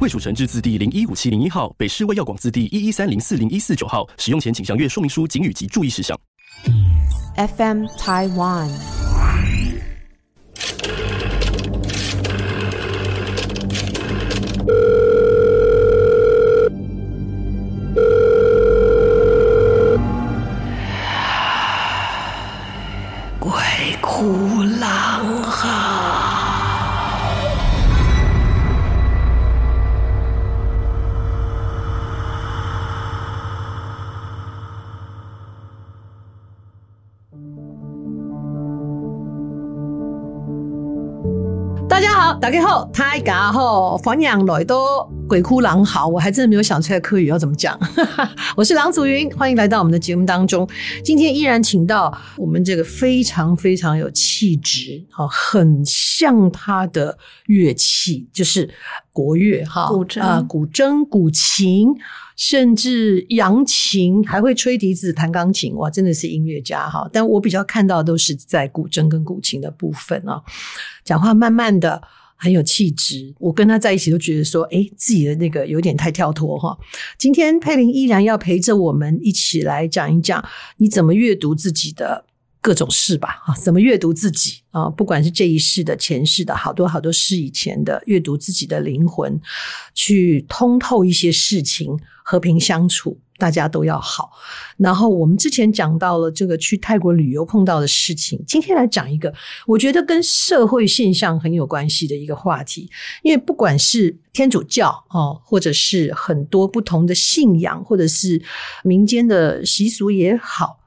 衛署 成字字第零一五七零一號，北市衛藥廣字第幺幺三零四零一四九號。使用前請詳閱說明書、警語及注意事項。FM Taiwan。鬼、 啊、哭。打開後太家好，煩迎來都《鬼哭狼嚎》。我還真的沒有想出來客語要怎麼講。 我是郎祖筠，歡迎來到我們的節目當中。今天依然請到我們這個非常非常有氣質，很像他的樂器就是國樂哈，古箏、古箏、古琴，甚至揚琴，還會吹笛子、彈鋼琴。哇，真的是音樂家哈。但我比較看到的都是在古箏跟古琴的部分啊，講話慢慢的。很有氣質，我跟他在一起都覺得說，哎，自己的那個有點太跳脫哈。今天佩鈴依然要陪着我們一起來講一講，你怎麼閱讀自己的各種事吧？啊，怎麼閱讀自己啊？不管是這一世的、前世的，好多好多世以前的，閱讀自己的靈魂，去通透一些事情，和平相處。大家都要好。然後我們之前講到了這個去泰國旅遊碰到的事情，今天來講一個我覺得跟社會現象很有關係的一個話題。因為不管是天主教哦，或者是很多不同的信仰，或者是民間的習俗也好，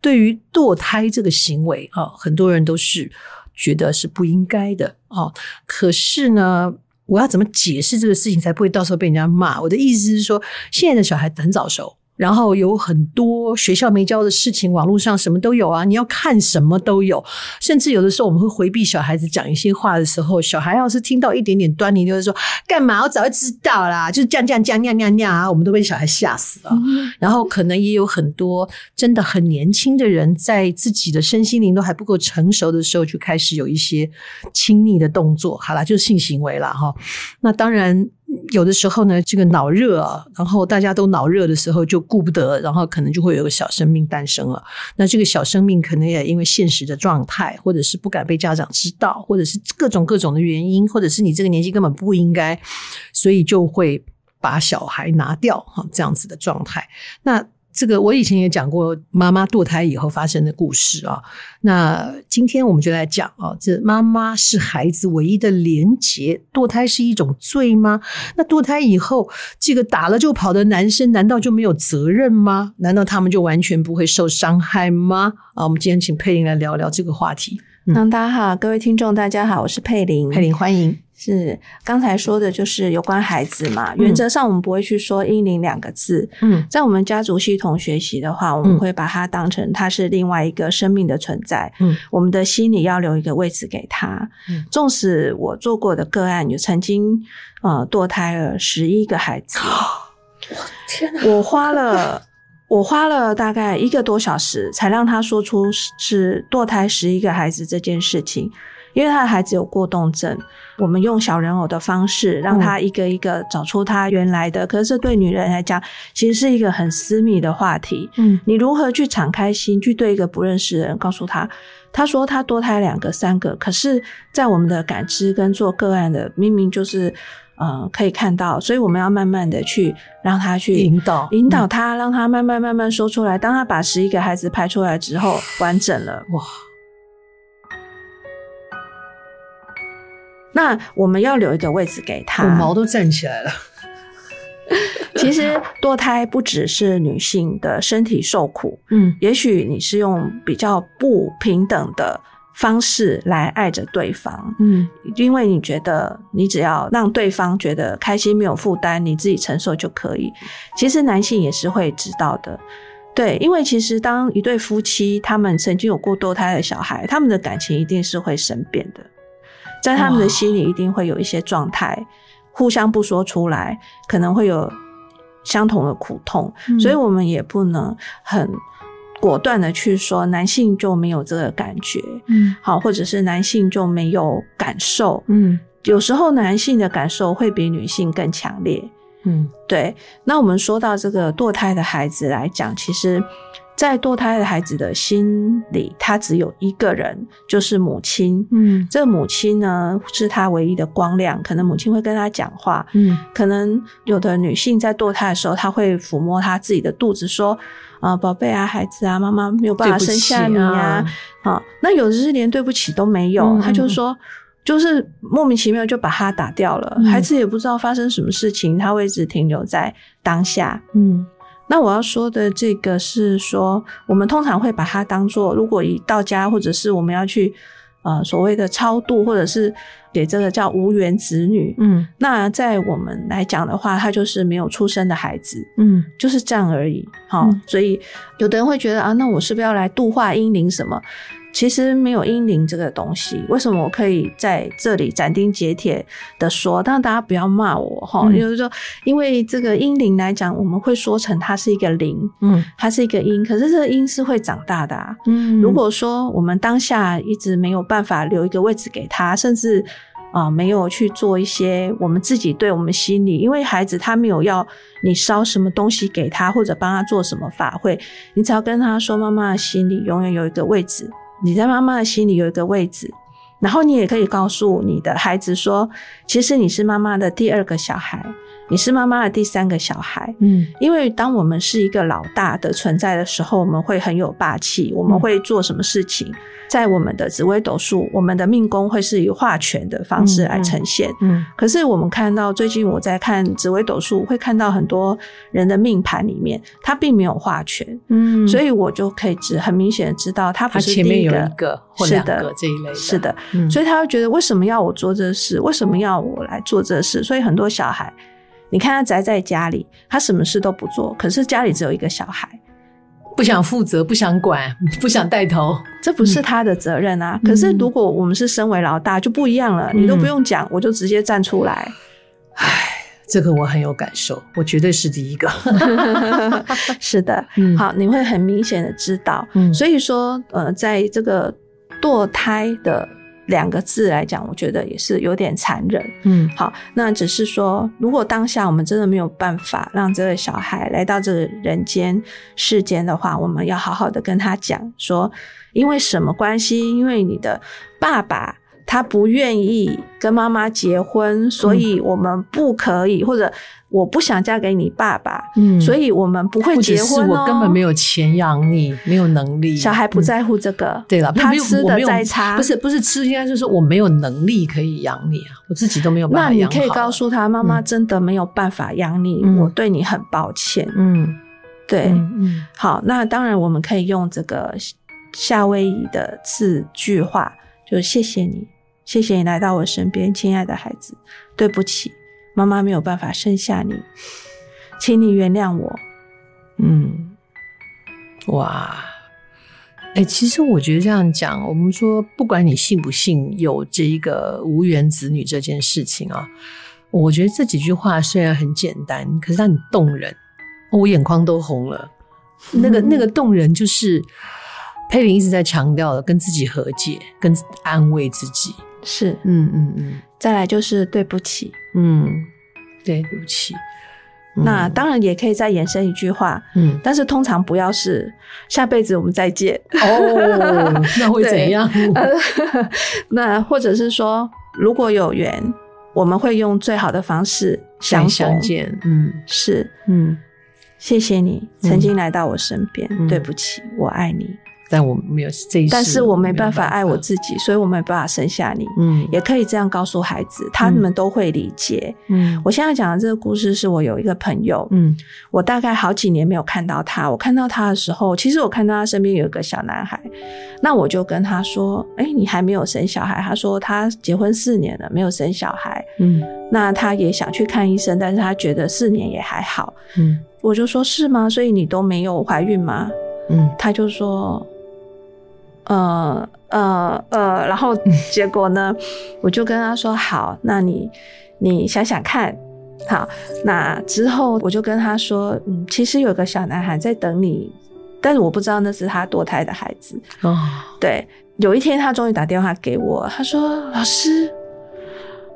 對於墮胎這個行為啊，很多人都是覺得是不應該的啊。可是呢，我要怎麼解釋這個事情才不會到時候被人家罵？我的意思是說，現在的小孩很早熟。然後有很多學校沒教的事情，網絡上什麼都有啊！你要看什麼都有，甚至有的時候我們會回避小孩子講一些話的時候，小孩要是聽到一點點端倪，就會說幹嘛？我早就知道啦！就是這樣這樣這樣尿尿尿啊！我們都被小孩嚇死了。嗯。然後可能也有很多真的很年輕的人，在自己的身心靈都還不夠成熟的時候，就開始有一些親密的動作。好啦，就是性行為啦哈。那當然。有的時候呢，這個腦熱啊，然後大家都腦熱的時候，就顧不得，然後可能就會有個小生命誕生了。那這個小生命可能也因為現實的狀態，或者是不敢被家長知道，或者是各種各種的原因，或者是你這個年紀根本不應該，所以就會把小孩拿掉哈，這樣子的狀態。那。這個我以前也講過媽媽墮胎以後發生的故事啊、哦。那今天我們就來講啊、哦，這媽媽是孩子唯一的連結，墮胎是一種罪嗎？那墮胎以後，這個打了就跑的男生難道就沒有責任嗎？難道他們就完全不會受傷害嗎？啊，我們今天請佩鈴來聊聊這個話題。嗯，大家好，各位聽眾，大家好，我是佩鈴。佩鈴歡迎。是剛才說的，就是有關孩子嘛。原則上，我們不會去說“嬰靈”兩個字。嗯，在我們家族系統學習的話，我們會把它當成它是另外一個生命的存在。嗯，我們的心裡要留一個位置給他。嗯，縱使我做過的個案有曾經，呃，墮胎了十一個孩子。我、哦、天哪，我花了 我花了大概一個多小時，才讓他說出是墮胎十一個孩子這件事情。因為他的孩子有過動症，我們用小人偶的方式讓他一個一個找出他原來的。嗯、可是這對女人來講，其實是一個很私密的話題。嗯，你如何去敞開心，去對一個不認識的人告訴他？他說他墮胎兩個、三個，可是，在我們的感知跟做個案的，明明就是呃可以看到。所以我們要慢慢的去讓他去引導，引導他、嗯，讓他慢慢慢慢說出來。當他把十一個孩子排出來之後，完整了。哇！那我們要留一個位置給他。我毛都站起來了。 其實，墮胎不只是女性的身體受苦，嗯，也許你是用比較不平等的方式來愛着對方，嗯，因為你覺得你只要讓對方覺得開心、沒有負擔，你自己承受就可以。其實男性也是會知道的，對，因為其實當一對夫妻他們曾經有過墮胎的小孩，他們的感情一定是會生變的。在他們的心裡一定會有一些狀態，互相不說出來，可能會有相同的苦痛，嗯、所以我們也不能很果斷的去說男性就沒有這個感覺，好、嗯，或者是男性就沒有感受、嗯，有時候男性的感受會比女性更強烈、嗯，對。那我們說到這個墮胎的孩子來講，其實。在墮胎的孩子的心裡，他只有一個人，就是母親。嗯，這個、母親呢是他唯一的光亮，可能母親會跟他講話。嗯，可能有的女性在墮胎的時候，她會撫摸她自己的肚子，說：“啊、呃，寶貝啊，孩子啊，媽媽沒有辦法生下你啊。啊啊”那有的是連對不起都沒有，他、嗯、就說，就是莫名其妙就把他打掉了、嗯，孩子也不知道發生什麼事情，他會一直停留在當下。嗯。那我要說的這個是說，我們通常會把它當做，如果一到家或者是我們要去，呃，所謂的超度，或者是給這個叫無緣子女，嗯，那在我們來講的話，他就是沒有出生的孩子，嗯，就是這樣而已，齁、嗯，所以有的人會覺得啊，那我是不是要來度化陰靈什麼？其實沒有嬰靈這個東西，為什麼我可以在這裡斬釘截鐵的說？但大家不要罵我哈，就是說，因為這個嬰靈來講，我們會說成它是一個靈，嗯，它是一個嬰，可是這個嬰是會長大的啊。啊、嗯嗯、如果說我們當下一直沒有辦法留一個位置給他，甚至啊、呃，沒有去做一些我們自己對我們心裡，因為孩子他沒有要你燒什麼東西給他，或者幫他做什麼法會，你只要跟他說，媽媽的心裡永遠有一個位置。你在媽媽的心裡有一個位置，然後你也可以告訴你的孩子說，其實你是媽媽的第二個小孩。你是媽媽的第三個小孩，嗯，因為當我們是一個老大的存在的時候，我們會很有霸氣，我們會做什麼事情？嗯、在我們的紫微斗數，我們的命宮會是以化權的方式來呈現，嗯，嗯。可是我們看到最近我在看紫微斗數，會看到很多人的命盤裡面，他並沒有化權，嗯，所以我就可以只很明顯的知道他不是第一個，是的，他前面有一個或者兩個這一類的，是的，是的，嗯，所以他會覺得為什麼要我做這事？為什麼要我來做這事？所以很多小孩。你看他宅在家裡，他什麼事都不做，可是家裡只有一個小孩，不想負責，不想管，不想帶頭、嗯，這不是他的責任啊、嗯。可是如果我們是身為老大，嗯、就不一樣了，嗯、你都不用講，我就直接站出來。唉，這個我很有感受，我絕對是第一個。 是的、嗯，好，你會很明顯的知道、嗯。所以說，呃，在這個墮胎的，兩個字來講，我覺得也是有點殘忍。嗯，好，那只是說，如果當下我們真的沒有辦法讓這個小孩來到這個人間世間的話，我們要好好的跟他講說，因為什麼關係？因為你的爸爸。他不願意跟媽媽結婚，所以我們不可以、嗯，或者我不想嫁給你爸爸，嗯、所以我們不會結婚哦、喔。是我根本沒有錢養你，沒有能力。小孩不在乎這個，嗯、對了，他吃的再差，不是不是吃，應該是說我沒有能力可以養你啊，我自己都沒有辦法養好。那你可以告訴他，媽媽真的沒有辦法養你、嗯，我對你很抱歉。嗯，對嗯，嗯，好，那當然我們可以用這個夏威夷的四句話，就謝謝你。謝謝你來到我身邊，親愛的孩子。對不起，媽媽沒有辦法生下你，請你原諒我。嗯，哇，哎、欸，其實我覺得這樣講，我們說不管你信不信有這一個無緣子女這件事情啊，我覺得這幾句話雖然很簡單，可是它很動人，我眼眶都紅了。嗯、那個那個動人，就是佩鈴一直在強調的，跟自己和解，跟安慰自己。是，嗯嗯嗯，再來就是對不起，嗯，對，對不起。那當然也可以再延伸一句話，嗯，但是通常不要是下輩子我們再見哦，那會怎樣？ 那或者是說如果有緣，我們會用最好的方式想相見。嗯，是，嗯，謝謝你曾經來到我身邊，嗯，對不起，我愛你。但我沒有這一，但是我沒辦法愛我自己，所以我沒辦法生下你。嗯，也可以這樣告訴孩子，他們都會理解。嗯，我現在講的這個故事是我有一個朋友，嗯，我大概好幾年沒有看到他，我看到他的時候，其實我看到他身邊有一個小男孩，那我就跟他說：“哎、欸，你還沒有生小孩？”他說：“他結婚四年了，沒有生小孩。”嗯，那他也想去看醫生，但是他覺得四年也還好。嗯，我就說：“是嗎？所以你都沒有懷孕嗎？”嗯，他就說。呃呃呃，然後結果呢， 我就跟他說好，那你你想想看。好，那之後我就跟他說，嗯，其實有個小男孩在等你，但是我不知道那是他墮胎的孩子。哦，對，有一天他終於打電話給我，他說，老師，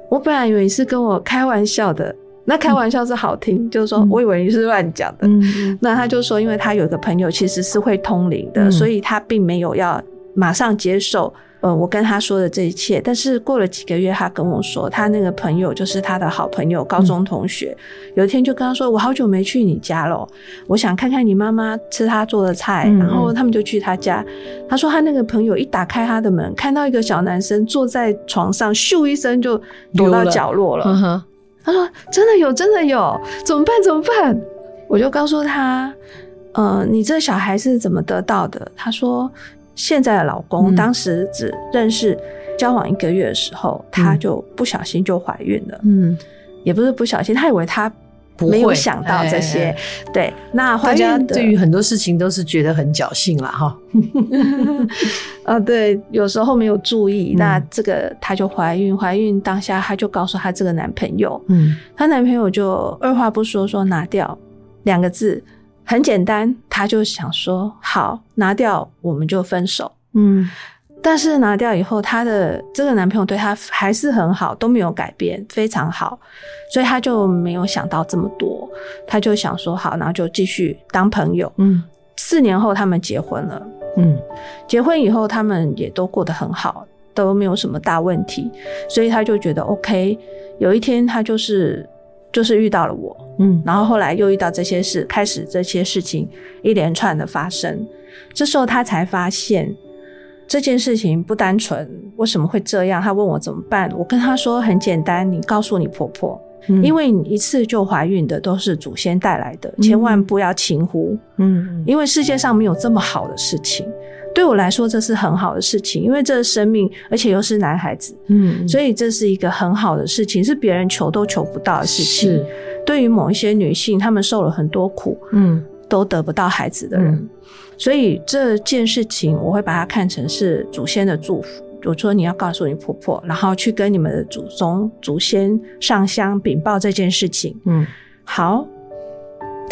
我本來以為你是跟我開玩笑的，那開玩笑是好聽，嗯、就是說我以為你是亂講的、嗯。那他就說，因為他有個朋友其實是會通靈的、嗯，所以他並沒有要馬上接受，呃，我跟他說的這一切。但是過了幾個月，他跟我說，他那個朋友就是他的好朋友，高中同學，嗯、有一天就跟他說：“我好久沒去你家了，我想看看你媽媽吃他做的菜。”然後他們就去他家嗯嗯。他說他那個朋友一打開他的門，看到一個小男生坐在床上，咻一聲就躲到角落了。了嗯、他說：“真的有，真的有，怎麼辦？怎麼辦？”我就告訴他：“呃，你這小孩是怎麼得到的？”他說。現在的老公、嗯、當時只認識、交往一個月的時候，她就不小心就懷孕了。嗯，也不是不小心，她以為她沒有想到這些。哎哎哎對，那懷孕，大家對於很多事情都是覺得很僥倖了哈。啊、嗯 哦，對，有時候沒有注意，嗯、那這個她就懷孕，懷孕當下她就告訴她這個男朋友，嗯，她男朋友就二話不說說拿掉兩個字。很簡單，他就想說，好，拿掉，我們就分手。嗯，但是拿掉以後，他的這個男朋友對他還是很好，都沒有改變，非常好，所以他就沒有想到這麼多，他就想說，好，然後就繼續當朋友。嗯，四年後他們結婚了。嗯，結婚以後他們也都過得很好，都沒有什麼大問題，所以他就覺得 OK。有一天他就是。就是遇到了我，嗯，然後後來又遇到這些事，開始這些事情一連串的發生，這時候他才發現這件事情不單純，為什麼會這樣？他問我怎麼辦，我跟他說很簡單，你告訴你婆婆，嗯，因為你一次就懷孕的都是祖先帶來的，嗯，千萬不要輕忽，嗯，因為世界上沒有這麼好的事情。對我來說，這是很好的事情，因為這是生命，而且又是男孩子，嗯，所以這是一個很好的事情，是別人求都求不到的事情。是，對於某一些女性，她們受了很多苦，嗯，都得不到孩子的人。嗯，所以這件事情我會把它看成是祖先的祝福。我說你要告訴你婆婆，然後去跟你們的祖宗、祖先上香稟報這件事情。嗯，好。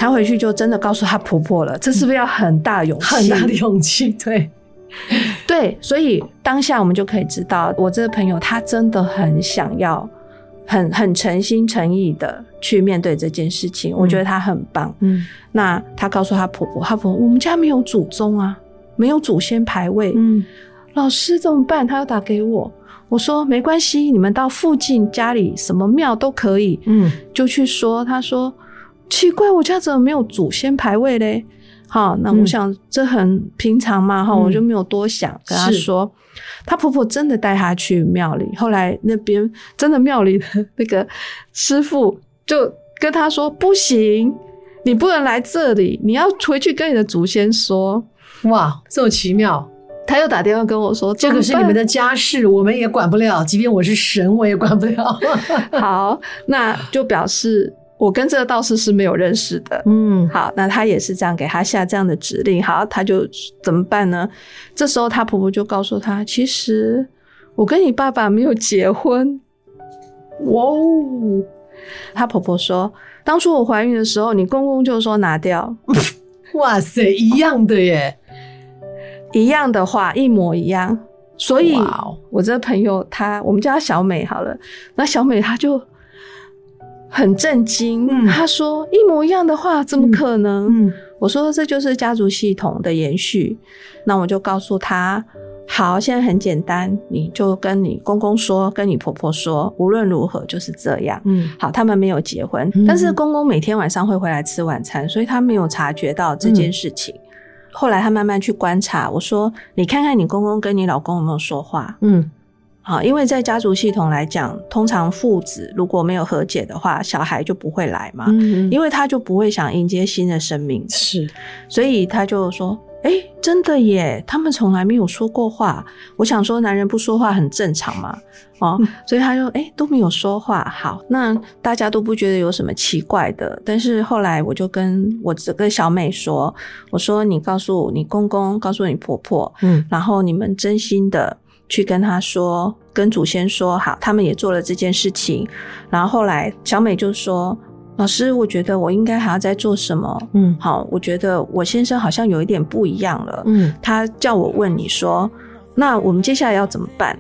他回去就真的告訴他婆婆了，這是不是要很大勇氣？嗯，很大的勇氣，對， 對，所以當下我們就可以知道，我這個朋友她真的很想要很，很很誠心誠意的去面對這件事情。嗯，我覺得她很棒，嗯。那她告訴她婆婆，她婆婆，我們家沒有祖宗啊，沒有祖先牌位，嗯。老師怎麼辦？她要打給我，我說，沒關係，你們到附近家裡什麼廟都可以，嗯，就去說。她說。奇怪，我家怎麼沒有祖先牌位嘞？哈、哦，那我想、嗯、這很平常嘛，哈、嗯，我就沒有多想。跟他說，他婆婆真的帶他去廟裡，後來那邊真的廟裡的那個師父就跟他說 ：“不行，你不能來這裡，你要回去跟你的祖先說。”哇，這麼奇妙！他又打電話跟我說：“這個是你們的家事，我們也管不了。 即便我是神，我也管不了。 ”好，那就表示。我跟這個道士是沒有認識的。嗯，好，那他也是這樣給他下這樣的指令。好，他就怎麼辦呢？這時候她婆婆就告訴他：“其實我跟你爸爸沒有結婚。”哇哦！她婆婆說：“當初我懷孕的時候，你公公就說拿掉。 ”哇塞，一樣的耶，哦，一樣的話，一模一樣。所以，哦，我這個朋友她，我們叫她小美，好了。那小美她就。很震驚，嗯，他說一模一樣的話怎麼可能？嗯嗯，我說這就是家族系統的延續。那我就告訴他，好，現在很簡單，你就跟你公公說，跟你婆婆說，無論如何就是這樣。嗯，好，他們沒有結婚，嗯，但是公公每天晚上會回來吃晚餐，所以他沒有察覺到這件事情。嗯，後來他慢慢去觀察，我說你看看你公公跟你老公有沒有說話？嗯。啊，因為在家族系統來講，通常父子如果沒有和解的話，小孩就不會來嘛，嗯，因為他就不會想迎接新的生命。是，所以他就說：“哎，欸，真的耶，他們從來沒有說過話。”我想說，男人不說話很正常嘛，哦，嗯，所以他就：“哎，欸，都沒有說話。”好，那大家都不覺得有什麼奇怪的。但是後來我就跟我這個小美說：“我說，你告訴你公公，告訴你婆婆，嗯，然後你們真心的去跟他說。”跟祖先說好，他們也做了這件事情。然後後來小美就說：“老師，我覺得我應該還要再做什麼？嗯，好，我覺得我先生好像有一點不一樣了。嗯，他叫我問你說，那我們接下來要怎麼辦？”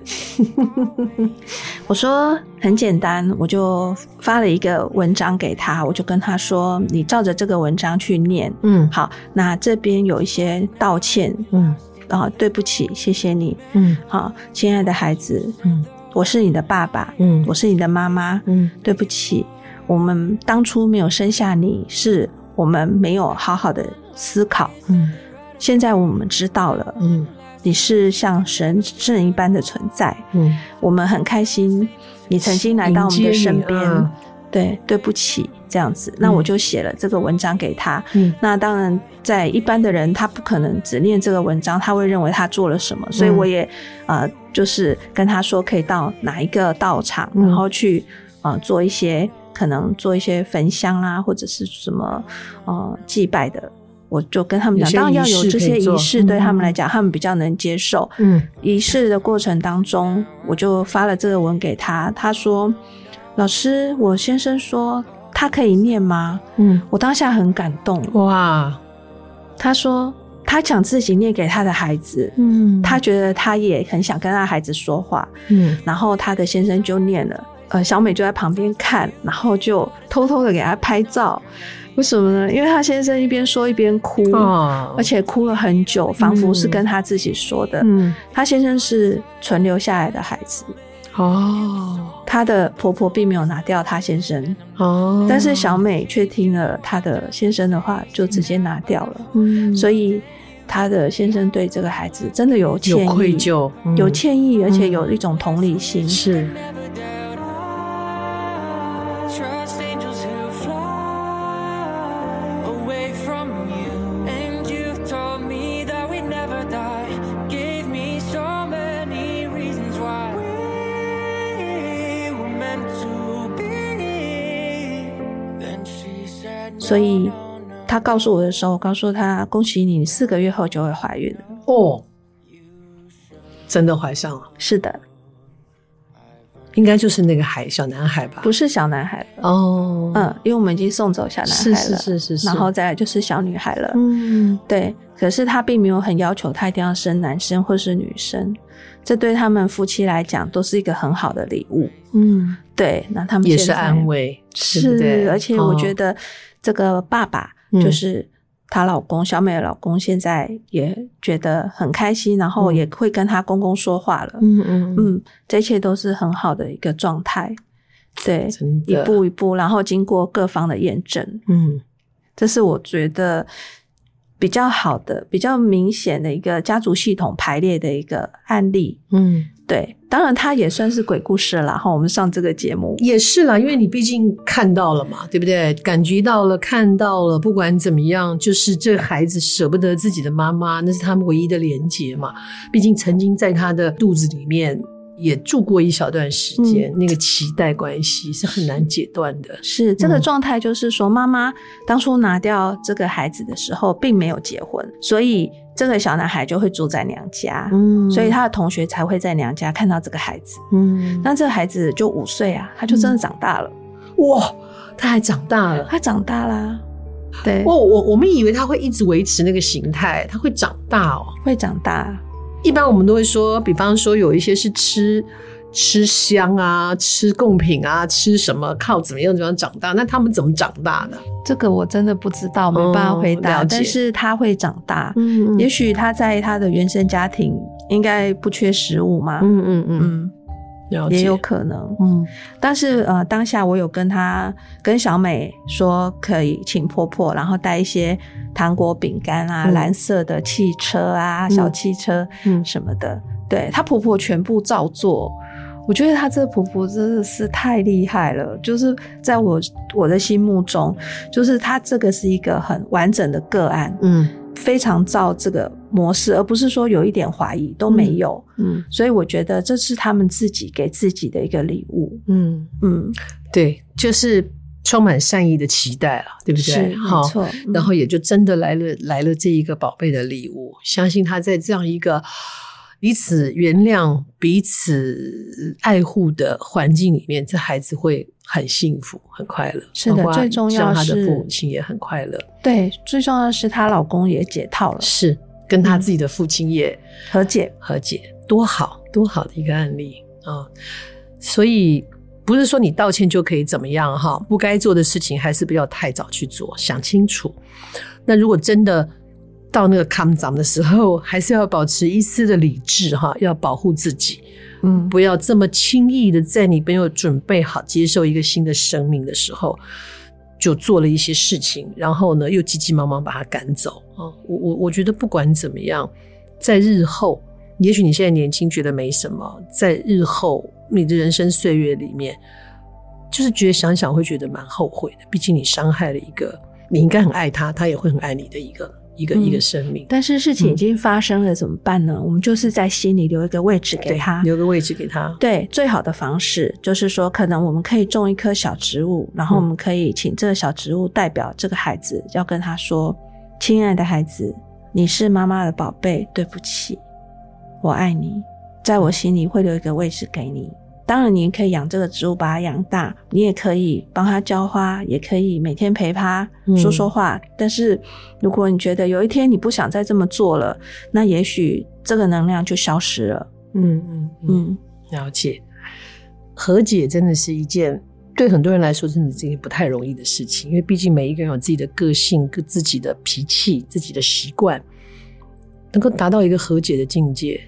我說很簡單，我就發了一個文章給他，我就跟他說：“你照着這個文章去念。”嗯，好，那這邊有一些道歉。嗯。啊、哦，對不起，謝謝你。嗯，好、哦，親愛的孩子，嗯，我是你的爸爸，嗯，我是你的媽媽，嗯，對不起，我們當初沒有生下你，是我們沒有好好的思考。嗯，現在我們知道了，嗯，你是像神聖一般的存在，嗯，我們很開心你曾經來到我們的身邊。對，對不起，這樣子，那我就寫了這個文章給他。嗯，那當然，在一般的人，他不可能只念這個文章，他會認為他做了什麼。嗯、所以我也，呃，就是跟他說，可以到哪一個道場，嗯、然後去，啊、呃，做一些可能做一些焚香啦、啊，或者是什麼，哦、呃，祭拜的。我就跟他們講，當然要有這些儀式，對他們來講、嗯，他們比較能接受。嗯，儀式的過程當中，我就發了這個文給他，他說，老師，我先生說他可以念嗎？嗯，我當下很感動。哇、wow，他說他想自己念給他的孩子，嗯，他覺得他也很想跟他的孩子說話，嗯。然後他的先生就念了，呃，小美就在旁邊看，然後就偷偷的給他拍照。為什麼呢？因為他先生一邊說一邊哭，oh. 而且哭了很久，仿佛是跟他自己說的。嗯，他先生是存留下來的孩子。哦，她的婆婆並沒有拿掉她先生，哦、oh.，但是小美卻聽了她的先生的話，就直接拿掉了。Oh. 所以她的先生對這個孩子真的有歉意，有愧疚，有歉意，而且有一種同理心、oh. 是。所以他告訴我的時候，我告訴他：“恭喜你，你四個月後就會懷孕。”哦，oh, 真的懷上了？是的。應該就是那個孩小男孩吧？不是小男孩哦，嗯，因為我們已經送走小男孩了，是是是，是，是，然後再來就是小女孩了，嗯，對。可是他並沒有很要求他一定要生男生或是女生，這對他們夫妻來講都是一個很好的禮物，嗯，對。那他們也是安慰，是，是，而且我覺得這個爸爸就是。嗯她老公小美的老公現在也覺得很開心，然後也會跟她公公說話了。嗯嗯嗯，這一切都是很好的一個狀態。對，一步一步，然後經過各方的驗證。嗯，這是我覺得比較好的、比較明顯的一個家族系統排列的一個案例。嗯。對，當然他也算是鬼故事了哈、嗯。我們上這個節目也是啦，因為你畢竟看到了嘛，對不對？感覺到了，看到了，不管怎麼樣，就是這孩子捨不得自己的媽媽，那是他們唯一的連結嘛。畢竟曾經在他的肚子裡面也住過一小段時間，嗯、那個臍帶關係是很難解斷的。是、嗯、這個狀態，就是說，媽媽當初拿掉這個孩子的時候，並沒有結婚，所以。這個小男孩就會住在娘家，嗯，所以他的同學才會在娘家看到這個孩子，嗯，那這個孩子就五歲啊，他就真的長大了，嗯，哇，他還長大了？他長大啦？對，哦，我我我們以為他會一直維持那個形態，他會長大哦？會長大，一般我們都會說，比方說有一些是吃。吃香啊，吃供品啊，吃什麼？靠怎麼樣怎麼樣長大？那他們怎麼長大的？這個我真的不知道，沒辦法回答。嗯、但是她會長大，嗯嗯、也許她在她的原生家庭應該不缺食物嘛，嗯嗯嗯，也有可能。嗯、但是呃，當下我有跟她跟小美說，可以請婆婆，然後帶一些糖果、啊、餅乾啊，藍色的汽車啊，嗯、小汽車什麼的。嗯、對她婆婆全部照做。我覺得他這個婆婆真的是太厲害了，就是在我我的心目中，就是他這個是一個很完整的個案，嗯，非常照這個模式，而不是說有一點懷疑都沒有嗯，嗯，所以我覺得這是他們自己給自己的一個禮物，嗯嗯，對，就是充滿善意的期待了，對不對？是，哦，沒錯，嗯，然後也就真的來了來了這一個寶貝的禮物，相信他在這樣一個。彼此原諒、彼此愛護的環境裡面，這孩子會很幸福、很快樂。是的，最重要是他的父母親也很快樂。對，最重要的是她老公也解套了，是跟他自己的父親也、嗯、和解，和解多好多好的一個案例啊、嗯！所以不是說你道歉就可以怎麼樣哈，不該做的事情還是不要太早去做，想清楚。那如果真的。到那個康藏的時候，還是要保持一絲的理智哈，要保護自己，嗯，不要這麼輕易的在你沒有準備好接受一個新的生命的時候，就做了一些事情，然後呢，又急急忙忙把他趕走啊！我我我覺得不管怎麼樣，在日後，也許你現在年輕覺得沒什麼，在日後你的人生歲月裡面，就是覺得想想會覺得蠻後悔的，畢竟你傷害了一個你應該很愛他，他也會很愛你的一個。一個一個生命、嗯，但是事情已經發生了、嗯，怎麼辦呢？我們就是在心裡留一個位置給他，留個位置給他。對，最好的方式就是說，可能我們可以種一棵小植物，然後我們可以請這個小植物代表這個孩子，要跟他說：“嗯、親愛的孩子，你是媽媽的寶貝，對不起，我愛你，在我心裡會留一個位置給你。”當然，你也可以養這個植物，把它養大。你也可以幫它澆花，也可以每天陪它說說話。嗯、但是，如果你覺得有一天你不想再這麼做了，那也許這個能量就消失了。嗯嗯嗯，嗯，了解。和解真的是一件對很多人來說真的是一件不太容易的事情，因為畢竟每一個人有自己的個性、自己的脾氣、自己的習慣，能夠達到一個和解的境界。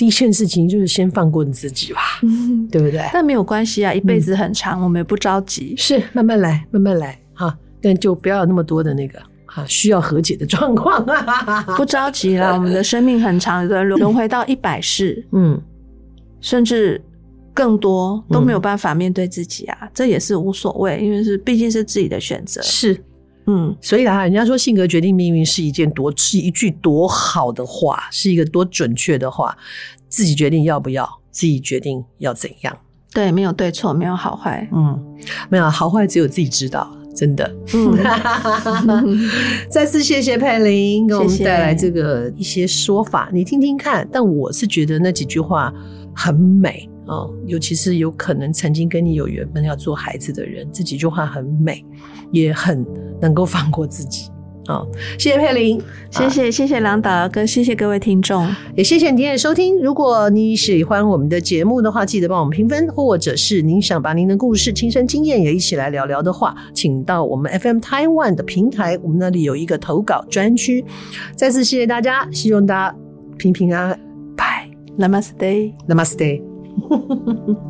第一件事情就是先放過你自己吧，嗯，對不對？但沒有關係啊，一輩子很長，嗯，我們也不着急，是慢慢來，慢慢來哈。但就不要有那麼多的那個啊，需要和解的狀況啊，不着急啦。 我們的生命很長，一輪輪回到一百世，嗯，甚至更多都沒有辦法面對自己啊，嗯，這也是無所謂，因為是畢竟是自己的選擇，是。嗯，所以啊，人家說性格決定命運是一件多是一句多好的話，是一個多準確的話。自己決定要不要，自己決定要怎樣。對，沒有對錯，沒有好壞，嗯，沒有好壞，只有自己知道，真的。嗯， 再次謝謝佩鈴給我們帶來這個一些說法，謝謝你，你聽聽看。但我是覺得那幾句話很美啊，嗯，尤其是有可能曾經跟你有緣分要做孩子的人，這幾句話很美。也很能夠放過自己，好，哦，謝謝佩鈴，謝謝、啊、謝謝郎導，跟謝謝各位聽眾，也謝謝您今天的收聽。如果你喜歡我們的節目的話，記得幫我們評分，或者是您想把您的故事、親身經驗也一起來聊聊的話，請到我們 FM Taiwan 的平台，我們那裡有一個投稿專區。再次謝謝大家，希望大家平平安安，Bye，Namaste，Namaste。評評啊拜 Namaste. Namaste.